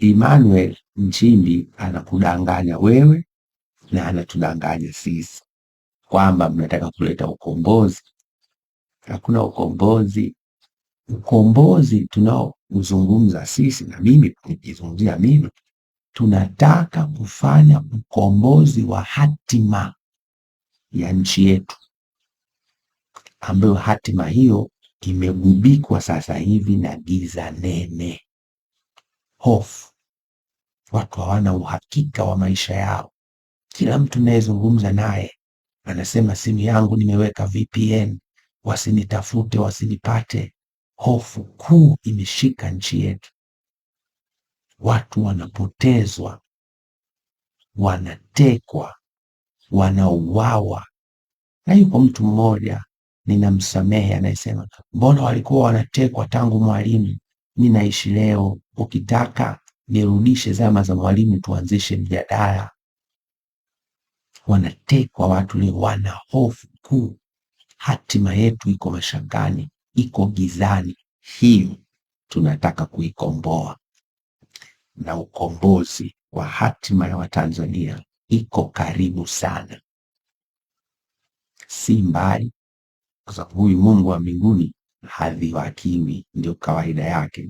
Emmanuel Nchimbi anakudanganya wewe na anatudanganya sisi kwamba mnataka kuleta ukombozi. Hakuna ukombozi. Ukombozi tunaozungumza sisi na mimi, nikizungumzia mimi, tunataka kufanya ukombozi wa hatima ya nchi yetu, ambayo hatima hiyo imegubikwa sasa hivi na giza nene, hofu watu hawana uhakika wa maisha yao. Kila mtu nayezungumza naye anasema simu yangu nimeweka VPN, wasinitafute, wasinipate. Hofu kuu imeshika nchi yetu, watu wanapotezwa, wanatekwa, wanauawa. Na yuko mtu mmoja ninamsamehe, anayesema mbona walikuwa wanatekwa tangu Mwalimu, mi naishi leo, ukitaka nirudishe zama za mwalimu, tuanzishe mjadala. Wanatekwa watu leo, wana hofu kuu, hatima yetu iko mashangani iko gizani. Hiyo tunataka kuikomboa, na ukombozi wa hatima ya Watanzania iko karibu sana, si mbali, kwa sababu huyu Mungu wa mbinguni hadhiwakiwi, ndio kawaida yake.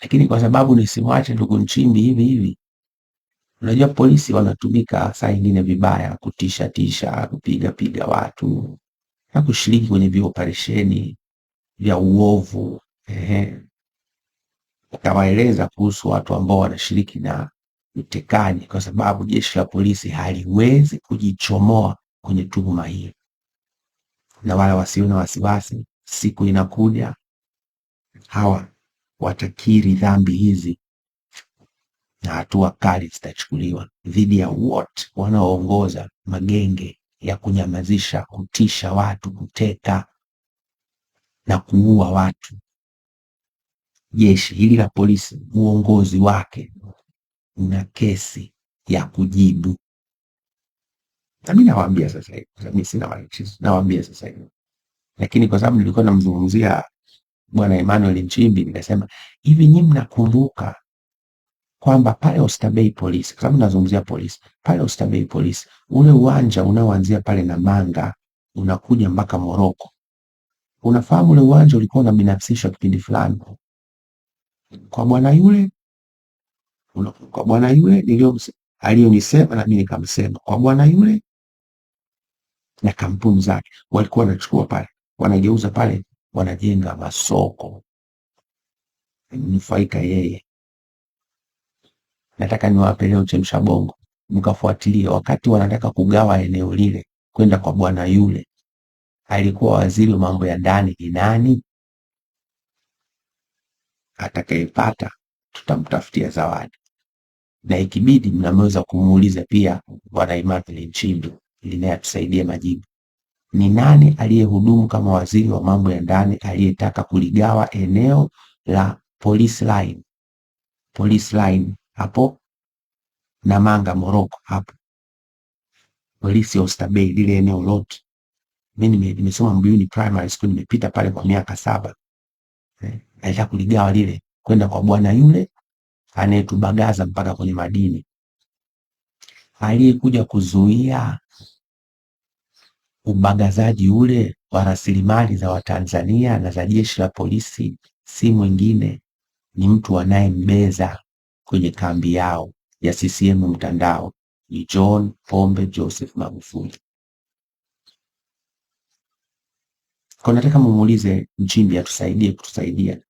lakini kwa sababu nisimwache ndugu Nchimbi hivi hivi. Unajua polisi wanatumika saa nyingine vibaya, kutisha tisha, kupiga piga watu na kushiriki kwenye vioperesheni vya uovu. Ehe, akawaeleza kuhusu watu ambao wanashiriki na utekaji, kwa sababu jeshi la polisi haliwezi kujichomoa kwenye tuhuma hii, na wala wasio na wasiwasi, siku inakuja hawa watakiri dhambi hizi na hatua kali zitachukuliwa dhidi ya wote wanaoongoza magenge ya kunyamazisha, kutisha watu, kuteka na kuua watu. Jeshi hili la polisi, uongozi wake una kesi ya kujibu, na mimi nawaambia sasa hivi, mimi sina mwanamchezo, nawaambia sasa hivi, lakini kwa sababu nilikuwa namzungumzia Bwana Emmanuel Nchimbi, nikasema hivi, nyinyi mnakumbuka kwamba pale Oysterbay polisi, kwa sababu nazungumzia polisi pale Oysterbay polisi, ule uwanja unaoanzia pale Namanga unakuja mpaka Moroko, unafahamu ule uwanja ulikuwa unabinafsishwa kipindi fulani kwa bwana yule, kwa bwana yule aliyonisema, nami nikamsema kwa bwana yule na kampuni zake walikuwa wanachukua pale wanageuza pale wanajenga masoko, nufaika yeye. Nataka niwape leo chemsha bongo, mkafuatilie wakati wanataka kugawa eneo lile kwenda kwa bwana yule alikuwa waziri wa mambo ya ndani ni nani? Atakayepata tutamtafutia zawadi, na ikibidi mnaweza kumuuliza pia Bwana Immaculate Nchimbi ili naye atusaidie majibu. Ni nani aliyehudumu kama waziri wa mambo ya ndani aliyetaka kuligawa eneo la police line, police line hapo Namanga Moroko hapo polisi ya Oysterbay lile eneo lote. Mimi nimesoma Mbuyuni primary school, nimepita pale kwa miaka saba eh, alitaka kuligawa lile kwenda kwa bwana yule anayetubagaza mpaka kwenye madini. Aliyekuja kuzuia Ubagazaji ule wa rasilimali za Watanzania na za jeshi la polisi si mwingine ni mtu anayembeza kwenye kambi yao ya CCM mtandao ni John Pombe Joseph Magufuli. Kwa nataka mumuulize Nchimbi atusaidie kutusaidia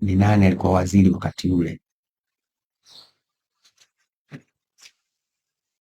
ni nani alikuwa waziri wakati ule